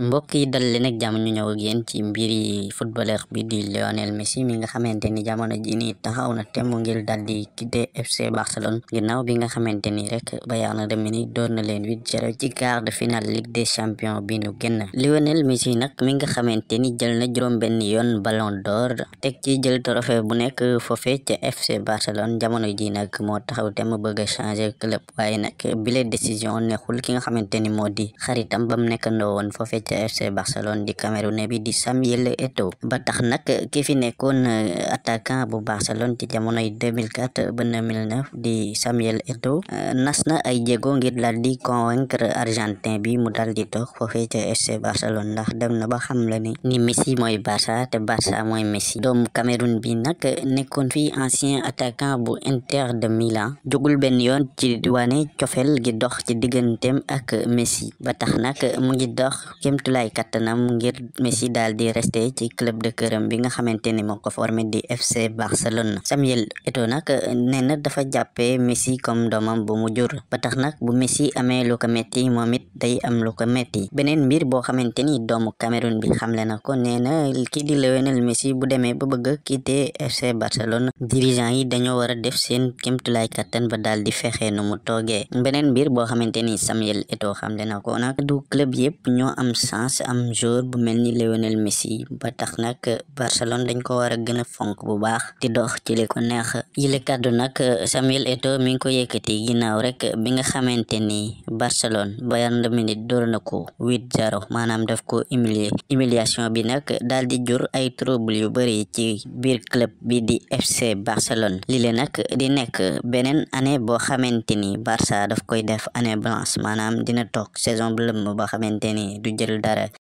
mbokk yi dal leen ak jàmm ñu ñëw ak yéen ci mi nga xamante ni jamono ji ni taxaw na temm ngir dal di quitté FC Barcelone ginnaaw bi nga xamante ni rek Bayern de Munich door na leen huit zéro ci quart de finale Ligue des champions bi nu génn Lionel Messi nag mi nga xamante ni jël na juróom benn yoon Ballon door teg ci jël trophée bu nekk foofe ca FC Barcelone jamono ji nag moo taxaw temm bëgg a changer club waaye nag bile décision neexul ki nga xamante ni moo di xaritam bam nekkandoo woon foofe te FC Barcelone di Camerounais bi di Samuel Eto'o ba tax nag ki fi nekkoon euh, attaquant bu Barcelone ci jamonoy 2004 ba 2009 di Samuel Eto'o euh, nas na ay jéego ngir daal di argentin bi mu dal di toog foofee ca FC Barcelone ndax dem na ba xam la ni ni Messi mooy Barça te Barça mooy Messi doomu Cameroun bi nag nekkoon fi ancien attaquant bu Inter de Milan jugul benn yoon ci wane cofel gi dox ci digganteem ak Messi ba tax mu ngi dox kémtulaay kattanam ngir Messi daal di resté ci club de këram bi nga xamante ni moo ko formé di FC Barcelone Samuel Eto'o nag nee na dafa jàppee Messi comme doomam bu mu jur ba tax nag bu Messi amee lu ko metti moom it day am lu ko metti beneen mbir boo xamante ni doomu Cameroun bi xamle na ko nee na kii di Lionel Messi bu demee ba bëgg a quitter FC Barcelone dirigeant yi dañoo war a def seen kémtulaay kattan ba daal di fexe nu mu toogee beneen mbir boo xamante ni Samuel Eto'o xamle na ko nag du club absence am joueur bu mel ni Lionel Messi ba tax nag dañ ko war a gën a fonk bu baax di dox ci li ko neex yile kàddu nag Samuel Eto'o mi ngi ko yëkkati ginnaaw rek bi nga xamante ni Barcelone Bayern Munich door na ko 8-0 maanaam daf ko humilier humiliation bi nag daal di jur ay trouble yu bëri ci biir club bi di FC li lile nag di nekk beneen année boo xamante ni Barça daf koy def année blanche maanaam dina toog saison bu lëmm boo xamante ni du jël builder है